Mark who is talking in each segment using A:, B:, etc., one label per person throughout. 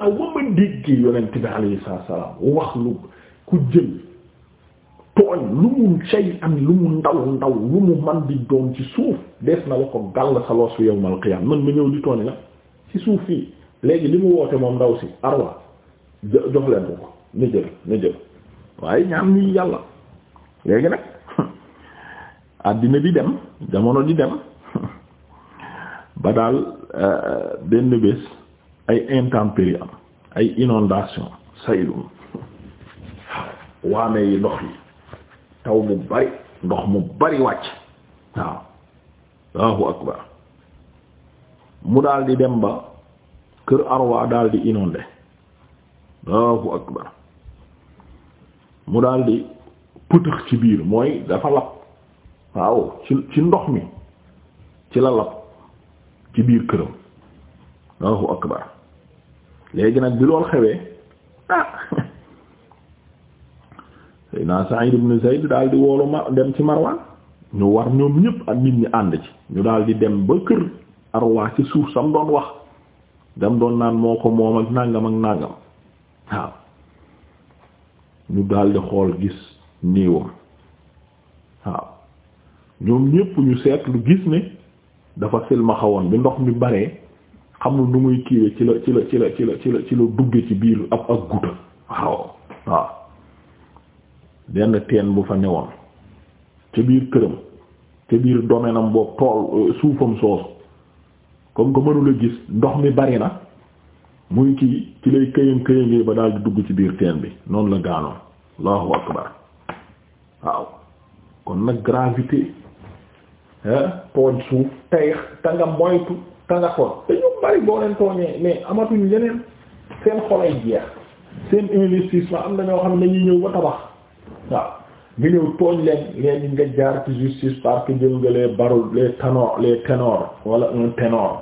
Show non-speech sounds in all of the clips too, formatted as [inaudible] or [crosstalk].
A: aw ma ma déggee yonent bi alayhi salaam wax lu ku jël tooñ lu mu cay am lu mu ndaw ndaw lu mu man di doon ci suuf des na la ko gàll sa los fi yawmal qiyaam man ñëw di tooñ la ci suuf fii léegi li mu woote moom ndaw si arwa jox leen ko ko na jël waaye ñaan ñuy yàlla léegi nag [laughs] àddina bi dem jamono di dem [laughs] ba daal euh, benn bés ay intempéries am ay inondations saylum waame yi ndox yi taw mu bari ndox mu bari wàcc waaw Allahu akbar mu daal di dem ba kër Arwa daal di inondé Allahu akbar mu daal di pëtëx ci biir mooy dafa lab waaw ci ci ndox mi ci la lab ci biir këram Allahu akbar léegi nag bi lool xewee ah Seydina Sa'id ibn Zayd daal di woolu ma dem ci Marwan ñu war ñoom ñëpp ak nit ñi ànd ci ñu daal di dem ba kër Arwa ci suuf sam doon wax dem doon naan moo ko moom ak nàngam ak nàngam waaw ñu daal di xool gis néewam waaw ñoom ñëpp ñu seetlu gis ne dafa silmaxa woon bi ndox mi baree xamul nu muy kiiwe ci la ci la ci la ci la ci la ci la dugge ci biir ab ak guta waaw waaw benn teen bu fa newoon ca biir këram ca biir domaine am boobu tool euh, suufam soosu comme que mënula gis ndox mi bari na muy kii ci lay këyam këyangee ba daal di dugg ci biir teen bi noonu la gaanoon allahu waaw kon nag gravité tooñ suuf tey ta nga moytu tàngakoon te ñu bari boo leen tooñee mais amatuñ yeneen seen xolay jeex seen investissement am na ñoo xam ne dañuy ñëw ba tabax waaw nga ñëw tooñ leen léegi nga jaar ci justice parce que nga les barreaux les ténors les ténors wala un ténor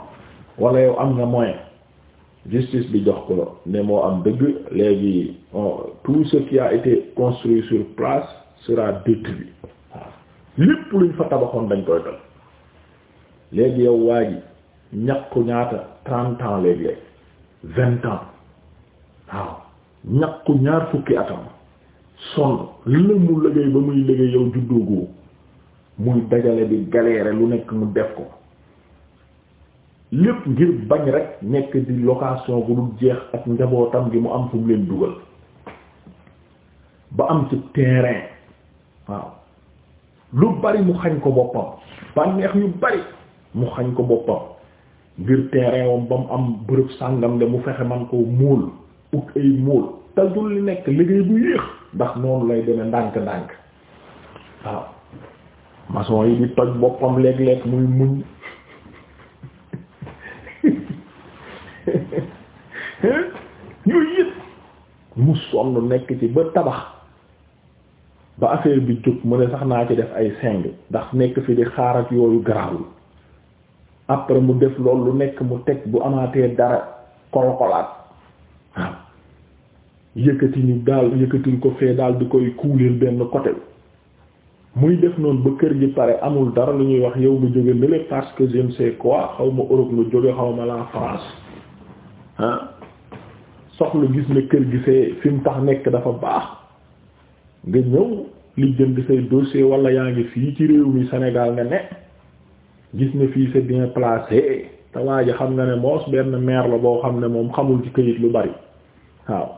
A: wala yow am na moyen justice bi jox ko ne moo am dëgg léegi tout ce qui a été construit sur place sera détruit lépp luñ fa tabaxoon dañ koy dal léegi yow waa ji ñaqu ñaata trente ans léeg-léeg vingt ans waaw ñaqu ñaar fukki atam sonn mu liggéey ba muy liggéey yow juddoogoo muy dajale bi galère lu nekk mu def ko lépp ngir bañ rek nekk di location bu lu jeex ak njabootam gi mu am fu leen dugal ba am ci terrain waaw lu bari mu xañ ko boppam bànneex yu bari mu xañ ko boppam ngir terrain ba mu am bërëb sàngam de mu fexe man koo muul ut ay muul te li nekk liggéey bu yéex ndax noonu lay demee ndànk-ndànk waaw maçon yi di toj boppam léeg-léeg muy muñ [laughs] yooyu yëpp mu sonn nekk ci ba tabax ba affaire bi jóg mu ne sax naa ci def ay seng ndax nekk fi di xaarat yooyu garaawul après mu def loolu lu nekk mu teg bu amaatee dara kolokolaat waaw yëkkati ni daal yëkkatil ko fee daal di koy kuuleel benn côté muy def noonu ba kër gi pare amul dara lu ñuy wax yow lu jóge nele parce que je ne quoi xaw ma Europe lu jóge xaw ma la France ah soxla gis ne kër gi fee fi mu tax nekk dafa baax nga ñëw li jënd say dossier wala yaa ngi fii ci réew mi senegal nga ne gis ne fii c'est bien placé te waa ji xam nga ne moos benn maire la boo xam ne moom xamul ci këyit lu bari waaw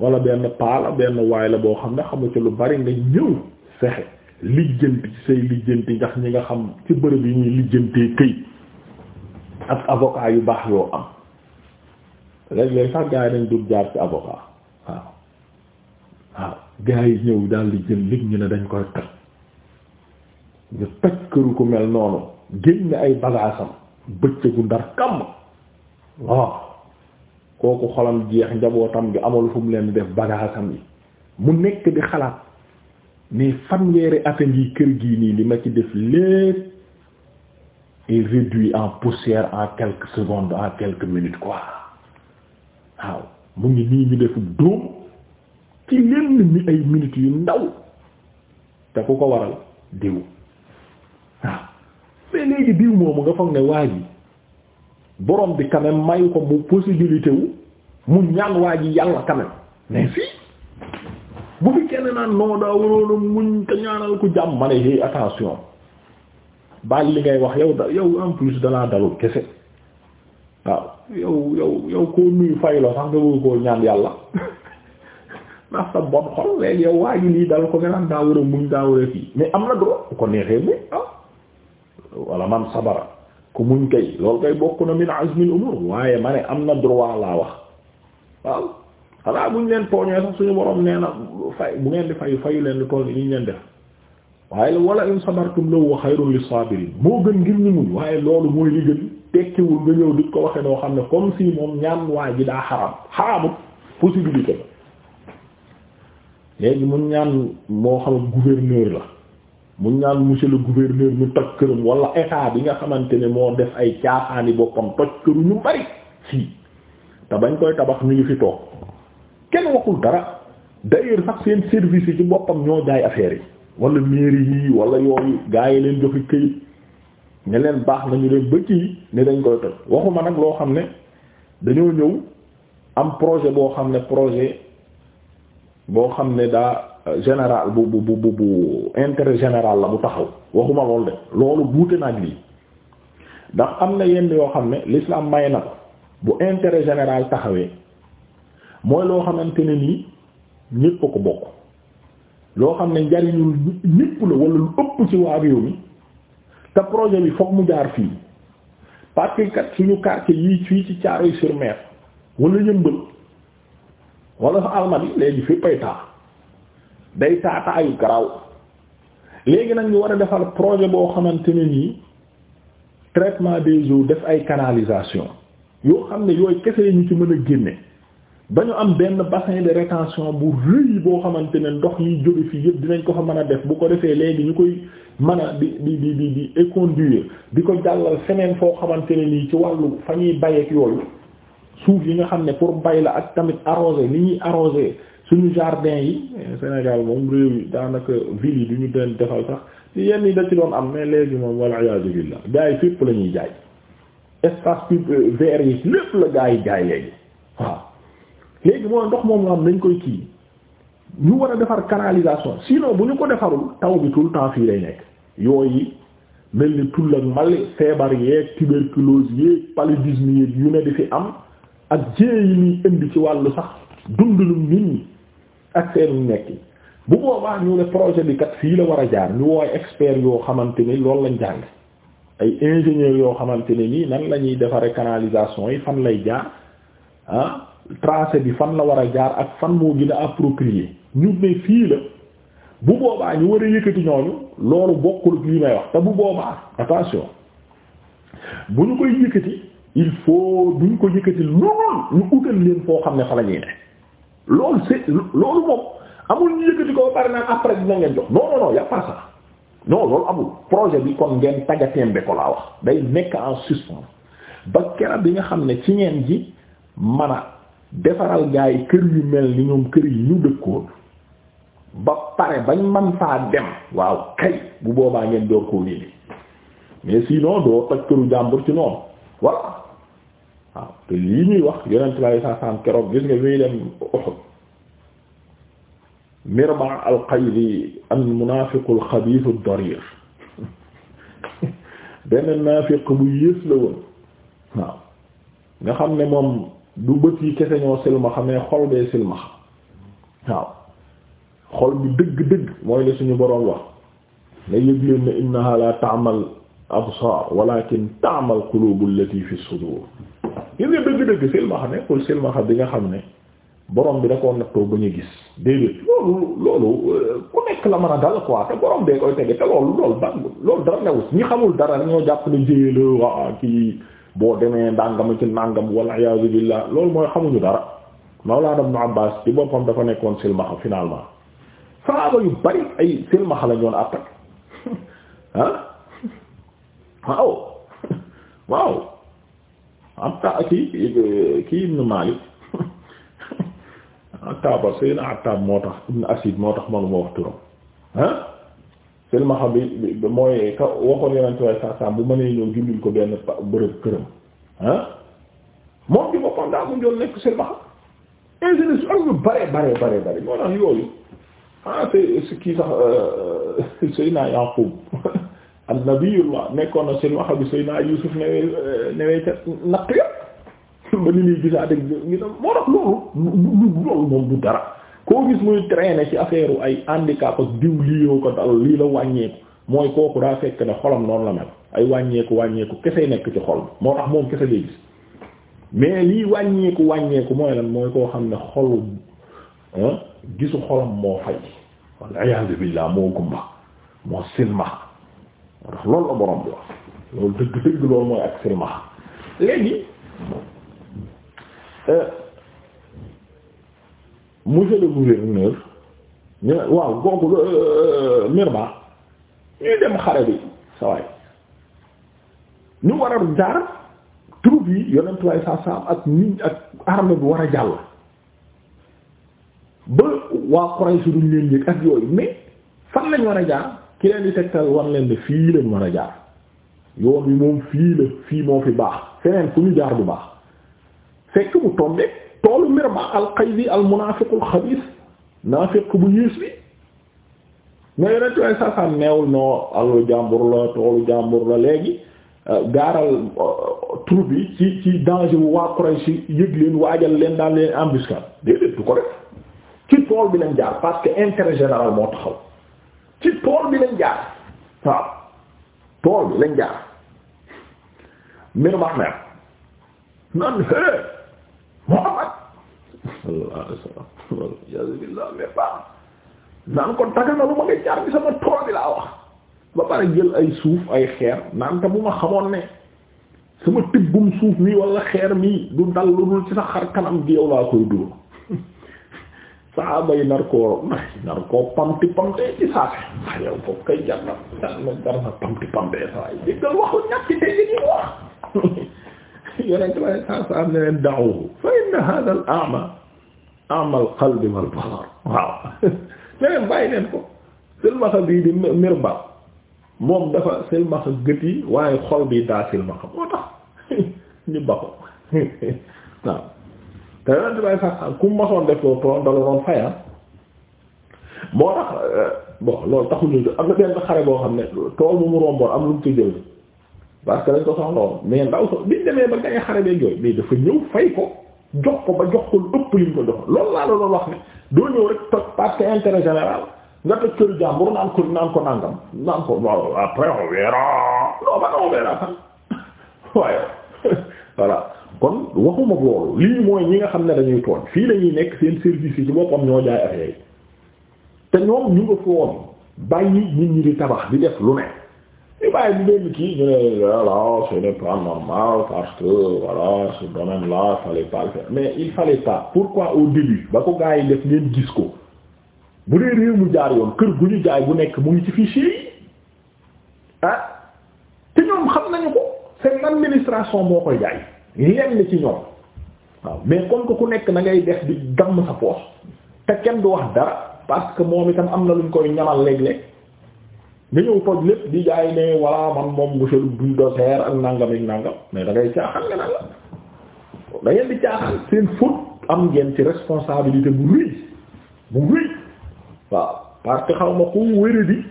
A: wala benn paa la benn waay la boo xam ne xamul ci lu bari nga ñëw fexe lijjanti say lijjanti ndax ñi nga xam ci bërëb yi ñuy lijjantee këyit ak avocat yu baax yoo am léeg-léeg sax gaa yi dañ dul jaar ci avocat waaw waaw gaa yi ñëw daal di jël ñu ne dañ koy toj ñu toj këru ku mel noonu génn ay bagaasam bëccëgu ndar kàmm waaw kooku xolam jeex njabootam gi amul fu mu leen def bagaasam yi mu nekk di xalaat ni fanweeri ate ngi kër gii nii li ma ci def lépp est réduit en poussière en quelques secondes en quelques minutes quoi waaw mu ngi nii ñu def dóom ci lenn mi ay minutes yu ndaw te ku ko waral diw léegi diw moomu nga foog ne waa ji borom bi quand même mayu ko bu possibilité mu ñaan waa ji yàlla quand mais si bu fi kenn naan non daa waroon a muñ te ñaanal ko jàmm ma ne attention baal li ngay wax yow da yow en plus danaa dalul kese waaw yow yow yow koo nuyu fay la nga bëgg koo ñaan yàlla [laughs] ndax sa bon xol léegi yow lii dal ko nga naan daa war a muñ daa war a fii mais am na droit ko neexee mu ah. wala man sabara ku muñ kay loolu kay bokk na min umur waaye ma ne am na droit laa wax waaw xanaa buñ leen tooñee sax suñu borom nee na fay bu ngeen di fayu fayu leen di toll ni ñu leen def waaye wala in sabartum la wa xayrun lis-sabirin moo gën ngir ñu muñ waaye loolu mooy li tekkiwul nga ñëw di ko waxee noo xam ne comme si moom ñaan waa ji daa xaram xaramut possibilité ba léegi mu ñaan moo xam gouverneur la. mu ñaan monsieur le gouverneur mu toj këram wala état bi nga xamante ne moo def ay caaxaani boppam toj këru ñu bari fii te bañ koy tabax ñu ngi fi toog kenn waxul dara d'ailleurs sax seen service yi ci boppam ñoo daay affaire yi wala mairie yi wala yooyu gaa yi leen joxe këyit ne leen baax nañu leen bëcc yi ne dañ koy toj waxuma nag loo xam ne dañoo ñëw am projet boo xam ne projet boo xam ne daa général bu bu bu bu intérêt général la bu taxaw waxuma lool de loolu buute naag lii ndax am na yenn yoo xam ne l'islam may na bu intérêt général taxawee mooy loo xamante ne nii ñépp a ko bokk loo xam ne njariñul ñépp la wala lu ëpp ci te projet bi fokk mu jaar fii parce que kat suñu quartier yii fii ci Thiaroye-sur-Mer wala Yeumbeul wala sa Almadies léegi fépp ay taa day taataayu garaaw léegi nag ñu war a defal projet boo xamante ne nii traitement des eaux def ay canalisation yoo xam ne yooyu kese ñu ci mën a génne ba ñu am benn bassin de retention bu rëy boo xamante ne ndox yi jóge fii yëpp dinañ ko fa mën a def bu ko defee léegi ñu koy mën a bi di bi di di éconduire di ko jàllal feneen foo xamante ne ci wàllu fa ñuy bayeek yooyu suuf yi nga xam ne pour bay la ak tamit arroser li ñuy arroser suñu jardin yi Sénégal moom réew yi daanaka ville yi du ñu doon defal sax yenn yi da ci doon am mais léegi moom walla iyaadu billah gaa yi fépp la ñuy jaay espace public euh, vert yi lépp la gaa yi jaay léegi léegi mooy ndox moom la am nañ koy kii ñu war a defar canalisation sinon bu ñu ko defarul taw bi tout le temps fii lay nekk yi mel ni tull ak mal feebar yeeg tuberculose yeeg paludisme yeeg yu ne di fi am ak jéey yi muy indi ci wàllu sax dundulum nit ñi ak seen ñu nekk bu boobaa ñu ne projet bi kat fii la war a jaar ñu wooy expert yoo xamante ni loolu lañ jàng ay ingénieur yoo xamante ne nii nan lañuy ñuy defaree canalisation yi fan lay jaar ah tracé bi fan la war a jaar ak fan moo gën a approprié ñu ne fii la bu boobaa ñu war a yëkkati ñooñu loolu bokkul li may wax te bu boobaa attention bu ñu koy yëkkati il faut duñ ko yëkkati lool ñu utal leen foo xam ne fa la ne. loolu c'est loolu moom amul ñu yëkkati ko bari naan après dina ngeen jox non non non y a pas ça non loolu amul projet bi kon ngeen taggatémbe ko laa wax day nekk en suspens ba kera bi nga xam ne ci ngeen ji man a defaral gaa yi kër yu mel ni ñoom kër yi ñu dëkkoon ba pare ba man faa dem waaw kay bu boobaa ngeen door koo nii mais sinon doo toj këru jàmbur ci noonu voilà waaw te lii ñuy wax yonent bi alayhi salaam keroog gis nga bi muy dem Uhud Mirba' al-Qayli al-munaafiq [laughs] benn naafiq bu yées la woon waaw nga xam ne moom du bët yi kese ñoo silmaxa mais xol bee silmaxa waaw xol bi dëgg-dëgg mooy la suñu boroom wax ne yëg leen ne innaha la ta'mal absaar walakin ta'mal qulubu allati fi sudur gis nga dëgg-dëgg silmaxa nekkul silmaxa bi nga xam ne borom bi da koo nattoo ba gis déedéet loolu loolu euh, ku nekk la mën a dal quoi te borom bee koy tege te loolu loolu ba loolu dara ñi xamul dara ñoo jàpp ne jéyee la waa kii boo demee ndàngama ci nàngam wala iyaazu billah loolu mooy xamuñu dara Mawlana Ibn Abbas ci boppam dafa nekkoon silmaxa finalement saaba yu bari ay silmaxa la ñoon àttak waaw [laughs] waaw Atta kii kii Ibn Malik [laughs] Attaaba Seyna Attaab moo tax Ibn Asid moo tax manuma wax turam ah selma xam bi mooy ka waxoon yeneen ci waaye saasaam bu mënee ñëw jullil ko benn bërëb këram ah moom di boppam daa mu joon nekk selma bare bare bare bare moo tax yooyu ah c'est kii sax euh, [laughs] [laughs] annabiyullah nekkoon na silmaxa bi Seydina Yuusuf newee newee ca naq ya ba ni muy gisaate moo tax loolu loolu moom du dara koo gis muy traîner ci affaire ay handicap ak diw lii yoo ko dal lii la wàññeeku mooy kooku daa fekk ne xolam noonu la mel ay wàññeeku wàññeeku kese nekk ci xol moo tax moom kese lay gis mais lii wàññeeku wàññeeku mooy lan mooy koo xam ne xolu gisu xolam moo fay wal iyaadu billaah moo gumba moo silmaxa ndax la borom bi loolu dëgg-dëgg loolu mooy ak silmax léegi euh, monsieur le gouverneur ñu ne waaw googu euh, euh, Mirba ñuy dem xare bi sa waay ñu war a jaar troupe yi yonentu waay sa saam ak ñi ak armée bi war a jàll ba waa Quraysh duñ leen yëg ak yooyu mais fan lañ war a jaar ki leen di tegtal wan leen ne fii lañ mën a jaar yoon bi moom fii la fii moo fi baax feneen ku ñu jaar bu baax fekk mu tombe toolu Mirba al-Qaydi al-munaafiqul xabiis naafiq bu yées bi mais yonent way sasam neewul noo allu jàmbur la toolu jàmbur la léegi gaaral euh, troupe yi ci ci danger wu waa Quraysh yëg leen waajal leen daal leen embuscade déedéet du ko def ci tool bi lañ jaar parce que intérêt général moo taxaw ci tool bi lañ jaar waaw tool bi lañ jaar mbiru ma amee naan Muhammad sallallahu alayhi wasallam yasibillah kon takana lu ma nga jaar bi sama tool bi laa wax ba pare jël ay suuf ay xeer naan te ma xamoon ne sama tibbum suuf mi wala xeer mi du dal lu dul ci sa xar kanam gi yow laa koy dóor saaba yi nar koo nar koo pamti pamte ci saase ah yow foofu kay jar na jar na pamti pamte saa yi déggal waxu ñàkk te li ñuy wax yonent ba saa saa am ne leen da'uhu fa inna hadha al-a'ma a'ma al-qalbi wal-basar waaw ne leen bàyyi leen ko silmaxa bii di mirba moom dafa silmaxa gët yi waaye xol bi daa silmaxa moo tax [laughs] ñu ba ko [laughs] waaw te yonent bay sasam ku mosoon def loolu dala doon fay ah. moo tax euh, bon loolu taxuñu am na benn xare boo xam ne tool mu mu romboon am lu mu ko jël parce que dañ ko soxla woon mais ndaw so biñ demee ba gañ xare bee jooy mais dafa ñëw fay ko jox ko ba jox ko lu ëpp li ko jox loolu laa la wax ne doo ñëw rek toj parce que général nga toj kër jàmbur naan ko nangam naan ko waaw après on verra non ba on verra sax [laughs] waaye [laughs] voilà kon waxuma loolu lii mooy ñi nga xam ne dañuy tooñ fii lañuy nekk seen service yi ci boppam ñoo jaay affaire yi te ñoom ñu nga foon bàyyi nit ñi di tabax di def lu ne ñu bàyyi bu benn kii ñu ne voilà ce n'est pas normal parce que voilà domaine là fallait pas le mais il fallait pas pourquoi au début ba ko gaa yi def ngeen gis ko bu dee réew mu jaar yoon kër gu ñu jaay bu nekk mu ngi ci fichier yi ah te ñoom xam nañu ko seen administration moo koy jaay lenn ci ñoom waaw mais comme que ku nekk na ngay def di damm sa poos te kenn du wax dara parce moom itam am na luñ koy ñamal léeg-léeg nga ñëw toj lépp di jaay ne voilà man moom monsieur le bulldozer ak nangam ak nangam mais da ngay caaxaan nga nangam da ngeen di caaxaan seen faute am ngeen ci responsabilité bu rëy bu rëy waaw parce que xaw ma ku wéradi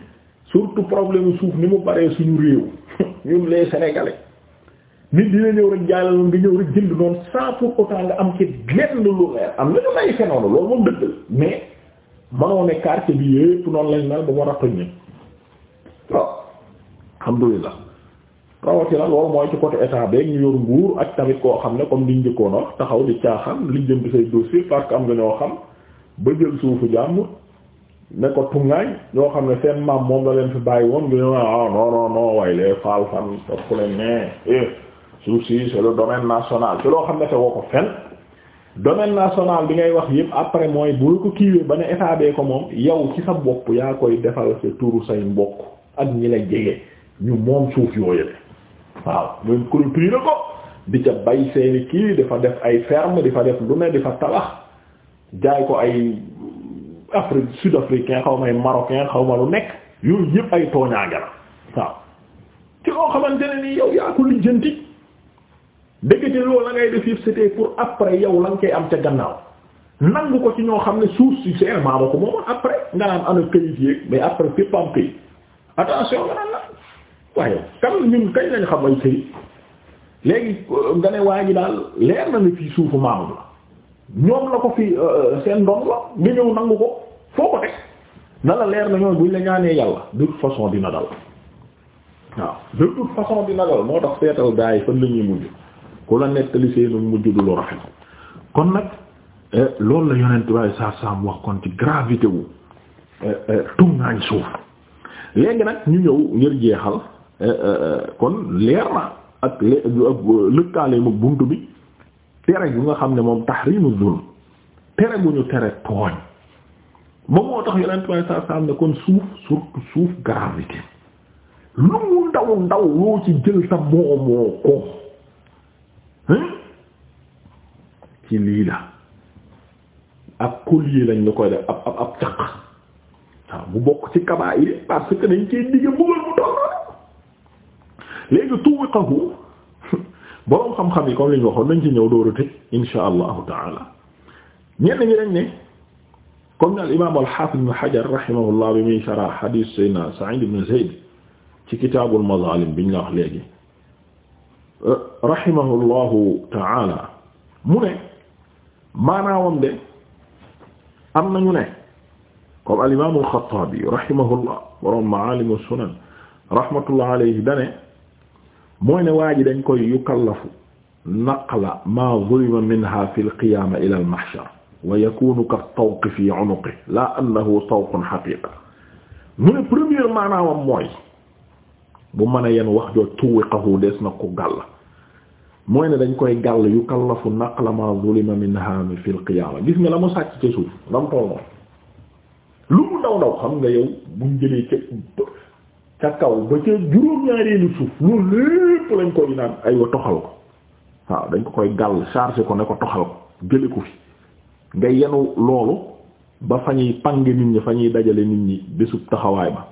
A: surtout problème suuf ni mu baree suñu réew [laughs] ñun les sénégalais. nit dina ñëw rek jaay la noonu nga ñëw rek jënd noonu sans pour autant nga am ci lenn lu leer am na ñu may fe noonu loolu moom dëgg la mais mënoo ne quartier bi yépp noonu lañ mel ba war a toj ñi ci côté état beeg ñu yor nguur ak xam ne comme liñ njëkkoon taxaw di caaxaan liñ jëm di say que am nga ñoo xam ba jël suufu jàmm ne ko tungaañ ñoo xam ne seen maam moom la leen fi bàyyi woon nga ñëw ah non non non waaye faal fan topp leen ne suuf si c'est le domaine national ci loo xam ne te woo ko fen domaine national bi ngay wax yépp après mooy boo ko kiiwee ba ne état ko moom yow ci sa bopp yaa koy defal sa turu say mbokk ak ñi la jege ñu moom suuf yooyu waaw muy culture ko di ca bay seeni kii dafa def ay ferme di fa def lu ne di fa tabax jaay ko ay afrique sud africain xaw may marocain xaw ma lu nekk yooyu yépp ay tooñaage la waaw ci loo xamante ne nii yow yaa ko lijjanti ndekete loolu la ngay def yëpp c'était pour après yow la nga koy am ca gannaaw nangu ko ci ñoo xam ne suuf si seen maama ko moom après nga naan ana këyit yéeg mais après fépp am këyit attention nga naan la waaye kam ñun kañ lañ xam ay këyit léegi euh, nga ne waa ji daal leer na ne fii suufu maamam la ñoom la ko fi euh, seen ndom la nga ñëw nangu ko foo ko teg na la leer na ñoom buñ la ñaanee yàlla de toute façon dina dal waaw de toute façon dina dal moo tax seetal ku la nettali seenu mujj du lu rafet kon nag eh, loolu la yonent waaye saa saam wax kon ci gravité wu eh, eh, tungaañ suuf léegi nag ñu ñëw ngir jeexal kon leer na ak le lëkkaale mu bunt bi tere gu nga xam ne moom tahrimu zulm tere gu ñu tere tooñ moom moo tax yonent waaye saa saam ne kon suuf surtout suuf gravité lu mu ndaw ndaw loo ci jël sa moomoo ko ci lii la ak collier lañ la koy ab ab ab caq waaw bu bokk ci kabaa yi parce que dañ koy digg mbugal mu doon léegi tuwiqahu [laughs] boroom xam-xam yi comme li ñu waxoon nañ ci ñëw dooru tëj insha allahu taala ñenn ñi a ne comme ne al imaam al xaafid ibn Hajar rahimahullah bi muy sharah hadith Seydina Sa'id ibn Zayd ci kitaabul mazaalim biñ la wax léegi rahimahullahu taala mu ne maanaawam de am nañu ne comme al imam al-Xattaabi rahimahullah borom Maalim as-Sunan rahmatullah alayhi dane mooy ne waa ji dañ koy yukallafu naqla ma zulima minha fi al-qiyaama ila al-mahshar wa yakunu ka tawqi fi unuqi la annahu tawqun haqiqa mu ne première maanaawam mooy bu mën a yen wax joo tuwiqahu des na ko gàll mooy ne dañ koy gàll yu kallafu naqla ma zulima min hami fil qiyaama gis nga la mu sàcc ca suuf lu mu ndaw ndaw xam nga yow buñ jëlee ca ca kaw ba ca juróom-ñaareelu suuf loolu lépp lañ koy naan ay wa toxal ko waaw dañ ko koy gàll chargé ko ne ko toxal ko jële ko fi nga yenu loolu ba fa ñuy pang nit ñi fa ñuy dajale nit ñi bésub taxawaay ba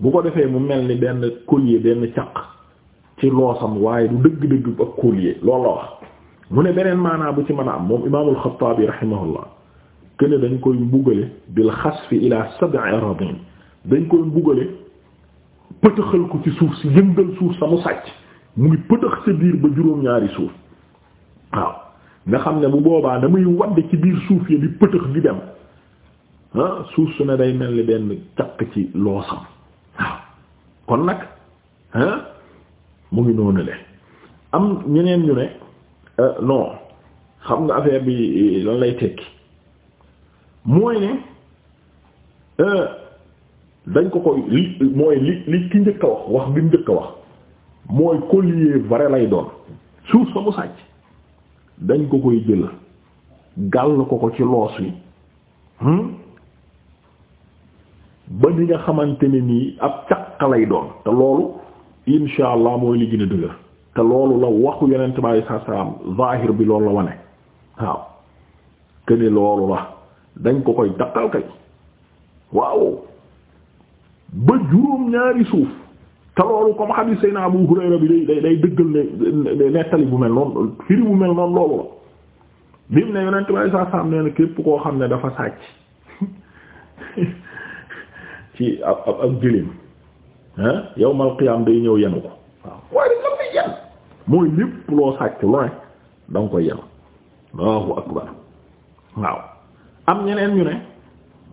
A: bu ko defee mu mel ni benn collier benn caq ci loosam waaye du dëgg-dëgg ak collier loolu wax mu ne beneen maanaa bu ci mën a am moom imaamul Xattaabi rahimahullah këne dañ koy mbugale bil xasfi ila sab'i aradin dañ koy mbugale pëtëxal ko ci suuf si yëngal suuf sa mu sàcc mu ngi pëtëx sa biir ba juróom-ñaari suuf waaw nga xam ne bu boobaa damay wadd ci biir suuf yi di pëtëx di dem ah suuf su ne day mel ni benn caq ci loosam waaw kon nag ah mu ngi noonu am ñeneen ñu ne euh, non xam nga affaire bi lan lay tekki mooy ne euh, dañ ko koy li mooy li ki njëkk a wax wax bi njëkk a wax mooy collier vrai lay doon suuf sa mu sàcc dañ ko koy jël gàll ko ko ci loos wi hmm? ba ni nga xamante ne nii ab caq lay doon te loolu insha allah mooy li gën a dëgër te loolu la waxu yonent bi alayhi salaam zahir bi loolu la wane waaw këne loolu la dañ ko koy takkal kay waaw ba juróom ñaari suuf te loolu comme xadiis sayna Abu Hurayra bi day day dëggal ne nettali bu mel noonu firi mel noonu loolu la bi ne yonent bi alayhi salaam nee képp koo xam ne dafa sàcc [laughs] ci ab ab ab gëléem yawmal qiyaam day ñëw yenu ko waaw waaye dañ la mooy lépp loo sàcc lu ne koy yenu Allahu akbar waaw am ñeneen ñu ne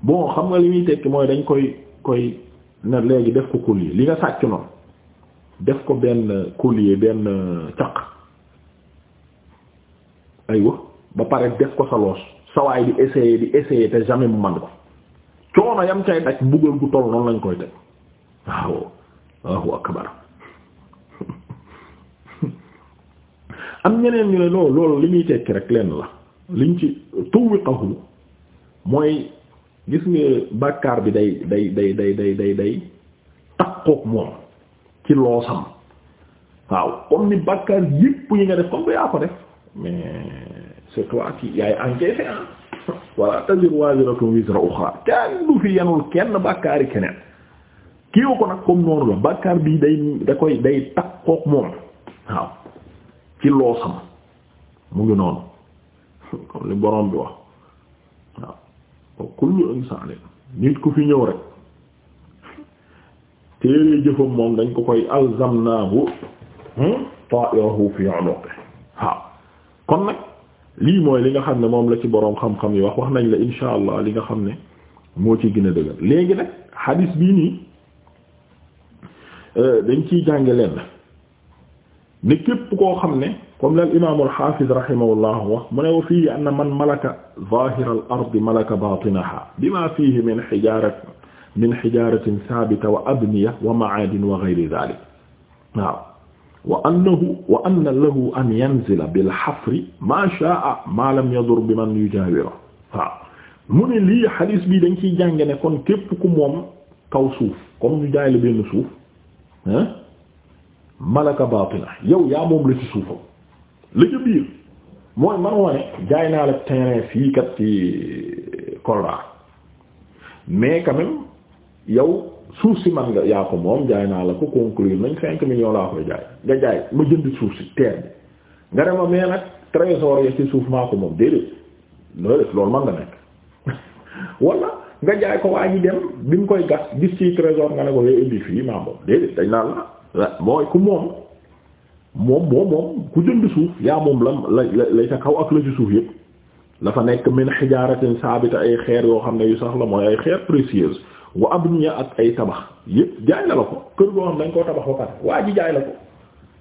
A: bon xam nga li muy tekki mooy dañ koy koy na léegi def ko collier li nga sàcc noonu def ko benn collier benn euh, caq aywa ba pare def ko sa loos sawaay di essayer di essayer te jamais bu man ko coono yam cay daj mbugal gu toll noonu lañ koy def waaw Allahu akbar am ñeneen ñu ne loolu loolu li muy tekki rek lenn la liñ ci tuwiqahu mooy gis nga bàkkaar bi day day day day day day day takkook moom ci loosam waaw comme ni bàkkaar yépp yi nga def comme que yaa ko def mais c'est toi qui yaay encaissé ah wala taziru waziratun wizra ukhra kenn du fi yenul kenn bàkkaari keneen kiiwa ko nag comme noonu la bàkkaar bii day da koy day takkook moom waaw ci loo mu ngi noonu [laughs] comme li borom bi wax waaw wa kullu nit ku fi ñëw rek téere jëfam moom dañ ko koy alzamnaahu hmm, ta'irahu fi 'unuqihi waaw kon nag lii mooy li nga xam ne moom la ci boroom xam-xam yi wax wax nañ la insha li nga xam ne moo ci gin a dëgër léegi nag hadis bii nii Euh, dañ ciy jànge leen ne képp koo xam ne comme la imaamul xaafiz rahimahullah wax mu ne wa fiihi anna man malaka zaahira al ardi malaka baatinaha bima fiihi min xijaarat min xijaratin saabita wa abniya wa maadin wa gayri dalik waaw wa annahu wa anna lahu an yanzila bil xafri maa shaa maa lam yadur bi man yujaawira waaw mu ne lii xadiis bi dañ ciy jànge ne kon képp ku moom kaw suuf comme ñu jaay la benn suuf malaka baatina yow yaa moom la ci suufam la ca biir mooy manuma ne jaay naa la terrain fii kat ci Kolda mais quand même suuf si man nga yaa ko moom jaay naa la ko conclure nañ cinq millions laa koy jaay nga jaay ma jënd suuf si terre bi nga dema mais nag trésor ya ci suuf maa ko moom déedéet loolu def loolu man nga nekk wala [laughs] nga jaay ko waa ji dem bi mu koy gas gis ci trésor nga ne ko indi fii maa moom déedéet dañ naan la mooy ku moom moom moom moom ku jënd suuf yaa moom la la la ca kaw ak la ci suuf yëpp la fa nekk min xijaaratin saabita ay xeer yoo xam ne yu sax la mooy ay xeer précieuse wa abniya ak ay tabax yëpp jaay na la ko kër goo xam dañ koo tabax ba pare waa ji jaay la ko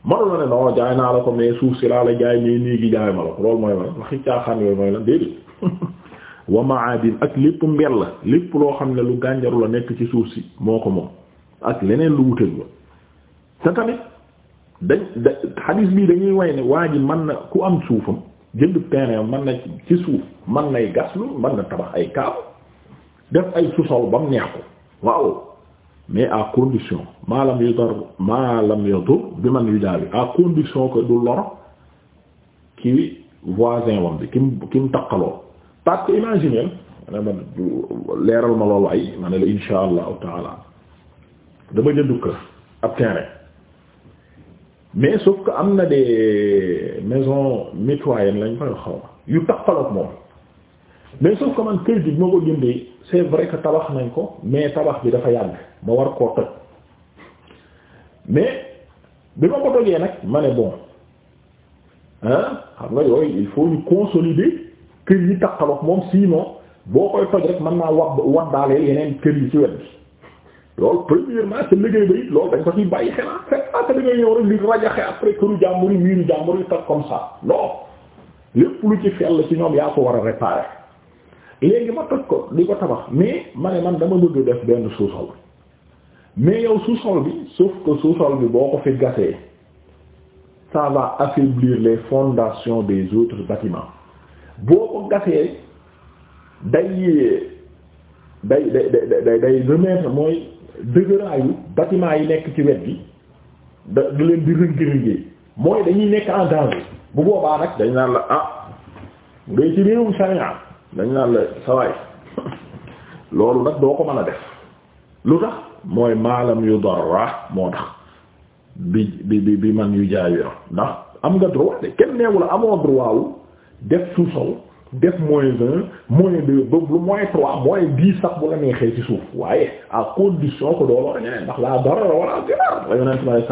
A: manu la ne non jaay naa la ko mais suuf si laa la jaay mais nii gi jaay ma la ko loolu yooyu mooy lan [laughs] wa maadin ak lépp la lépp loo xam ne lu gànjaru la nekk ci suuf si moo ko moom ak leneen lu wutal wa te tamit dañ da xadiis bii dañuy way ne waa ji man na ku am suufam jënd terrain mën na ci suuf mën nay gaslu mën na tabax ay kaaw def ay susol ba neex ko waaw mais à condition maalam yu dor maalam yu dor bi man yu jaabi à condition que du lor ki voisin wam bi ki mu ki mu takkaloo parce que imaginer ma man leeral ma loolu ay ma ne insha allahu taala dama jëndu kër ab terrain mais sauf que am na des maisons mitoyennes lañ koy xaw yu taxaloog moom mais sauf que man kër gi moo ko jëndee c'est vrai que tabax nañ ko mais tabax bi dafa yàgg ma war koo toj mais bi ma ko tojee nag ma ne bon ah xam nga yooyu il faut ñu consolider. kër yi taqaloog moom sinon boo koy toj rek mën naa wab waddaaleel yeneen kër yi ci wet bi loolu premièrement sa liggéey ba it loolu dañ ko ciy bàyyi xel a fait parce que da ngay ñëw rek di rajaxe après këru jàmbur yi miiru jàmbur yi toj comme ça non lépp lu ci fell ci ñoom yaa ko war a réparer léegi ma toj ko di ko tabax mais ma ne man dama bëgg def benn sous mais yow sous-sol bi sauf que sous-sol bi boo ko fi gasee ça va affaiblir les fondations des autres bâtiments boo ko gasee day day day day day remettre mooy dëgëraayu bâtiment yi nekk ci wet gi da da leen di rëngi-rëngee mooy dañuy nekk en danger bu boobaa nag dañ naan la ah ci réewum sharia dañ naan la sawaay [laughs] loolu nag doo ko mën a def lu tax mooy maalam yu darra moo tax bi bi bi man yu jaawiro ndax am nga droit de kenn neewu la amoo droit wu def sous-sol def moins un moins deux ba lu moins trois moins dix sax bu la neexee ci suuf waaye à condition que doo lor ñeneen ndax laa dara la wala dara la yonent ma lay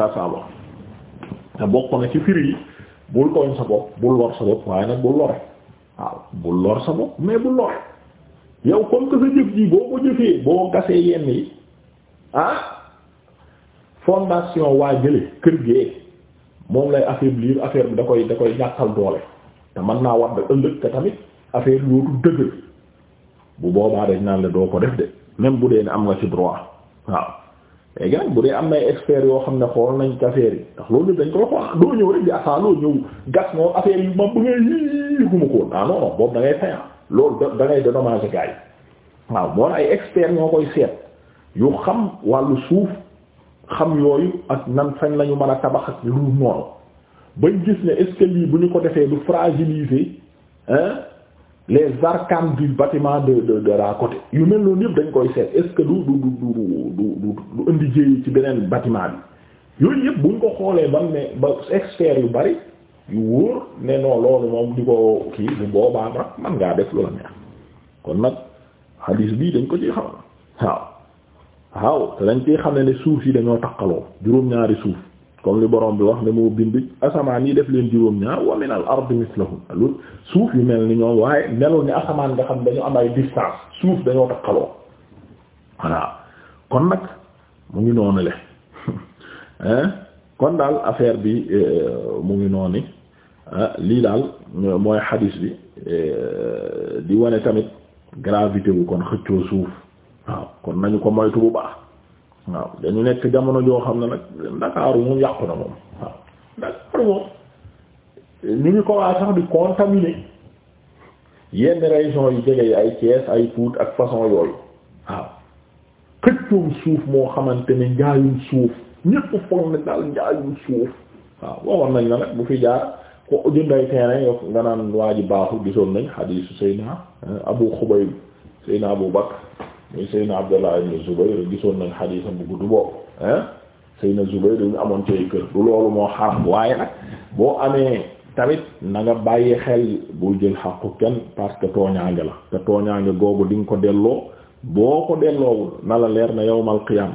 A: te bokk na ci firi yi bul tooñ sa bopp bul lor sa bopp waaye nag bul lore waaw bul lor sa bopp mais bul lore yow comme que sa jëf ji boo ko jëfee boo gasee yenn yi ah fondation waa jële kër gee moom lay affaire bi da koy da koy ñàkkal doole te mën naa war da ëllëg te tamit affaire yootu dëgër bu boobaa dañ naan la doo ko def de même bu dee ne am nga ci droit waaw léegi nag bu dee am nay experts yoo xam ne xool nañ ci affaire yi ndax loolu dañ koy xool doo ñëw rek di asaa loo yi mam bu ngay yiguma koon ah non non boobu da ah. loolu da ngay dédommagé gars yi waaw moon ay experts ñoo koy seet yu xam wàllu suuf xam yooyu ak nan fañ lañu mën a tabax ak lu noonu bañ gis ne est-ce que lii bu ñu ko defee du fragiliser hein les arcanes du batiment de de de la côté yu mel noonu yëpp dañ koy seet est-ce que du du du du du du ci beneen batiment bi yooyu yëpp buñ ko xoolee ba ne ba experts yu bari yu wóor ne non loolu moom di ko kii bu boobaa nag man ngaa def loola neex kon nag hadis bii dañ ko ciy xamal waaw waaw te dañ ciy xam ne ne suuf yi dañoo takkaloo juróom-ñaari suuf. comme li borom bi wax ne moo bind asamaan yi def leen juróom-ñaar wa min al ardi mislahum lu suuf yu mel ni ñoom waaye melul ni asamaan nga xam dañu am ay distance suuf dañoo takkaloo voilà kon nag mu ngi noonu le [laughs] kon daal affaire bi euh, mu ngi noonu ah, lii daal mooy xadiis bi euh, di wane tamit gravité wu kon xëccoo suuf waaw kon nañu ko moytu bu baax waaw dañu nekk jamono joo xam ne nag ndakaaru moom yàqu na moom waaw ndakaaru moom ñu ngi ko waa sax di contaminé yenn régions yu jege yi ay Thiès ay Pout ak façon yooyu waaw xëccoom suuf moo xamante ne njaayum suuf ñépp foog ne daal njaayum suuf waaw waxoon nañ la nag bu fi jaar ko jënday terrain yo nga naan waa ji baaxul gisoon nañ xadiisu Seydina Abu Xubayb Seydina bu Bakr muy Seydina Abdallah ibn Zubayr gisoon nañ xadiisam bu gudd boobu ah Seydina Zubayr dañu amoon tey kër du loolu moo xaam waaye nag boo amee tamit na nga bàyyi xel bul jël xaqu kenn parce que tooñaange la te tooñaange googu di ko delloo boo ko delloowul na la leer na yow qiyaam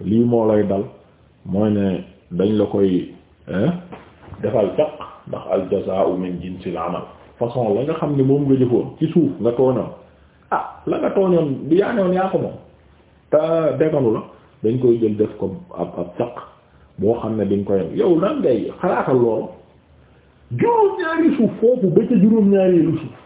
A: lii moo lay dal mooy ne dañ la koy defal caq ndax al jazaa'u jinsil amal façon la nga xam ni moom nga jëfoon ci suuf nga tooñoon la nga tooñoon du yaa ne yaa ko moom te déggoonu la dañ koy jël def ko ab ab caq boo xam ne dañ koy yow nan ngay xalaatal loolu juróom-ñaari suuf foofu ba juróom-ñaari lu suuf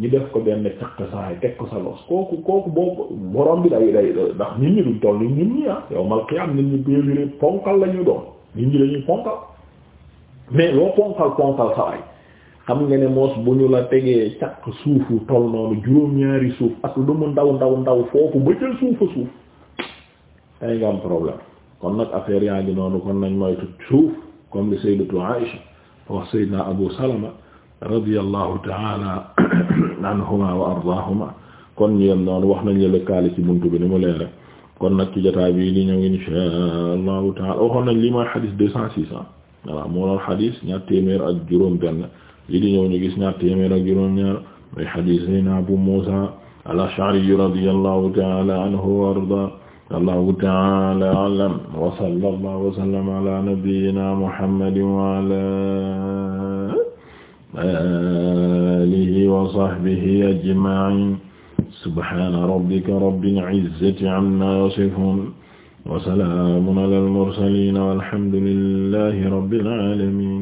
A: ñu def ko benn caq saay teg ko sa los kooku kooku boo borom bi day day ndax nit ñi duñ toll nit ñi ah yow mal nit ñi béykat ponkal la ñuy doon nit ñi dañuy ponkal mais loo ponkal ponkal sa waay xam nga ne moos bu ñu la tegee caq suufu toll noonu juróom-ñaari suuf ak lu mu ndaw ndaw ndaw foofu ba ca suufa suuf tay nga am problème kon nag affaire yaa ngi noonu kon nañ moytu suuf comme li sayyidatu Aïsha wax sayyidna Abu [coughs] kon ñu yem noonu wax nañ la lëkkaale ci buntu bi ni mu leere kon nag ci jotaay li ñëw insha allahu taala waxoon nañ li mooy xadis deux cent six cent voilà moo doon xadis ñaar téeméer ak juróom benn li di ñëw ñu gis ñaar téeméer ak juróom-ñaar muy xadiis sayna Abu Muusa al-Ash'ari radiyallahu ta'ala anhu wa ardaa wallahu ta'ala a'lam wa sallallahu wa sallama ala nabiyyina Muhammadin wa ala alihi wa sahbihi ajma'in subhana rabbika rabbil izzati amma yasifun wa salamun ala al-mursalin walhamdulillahi rabbil alamin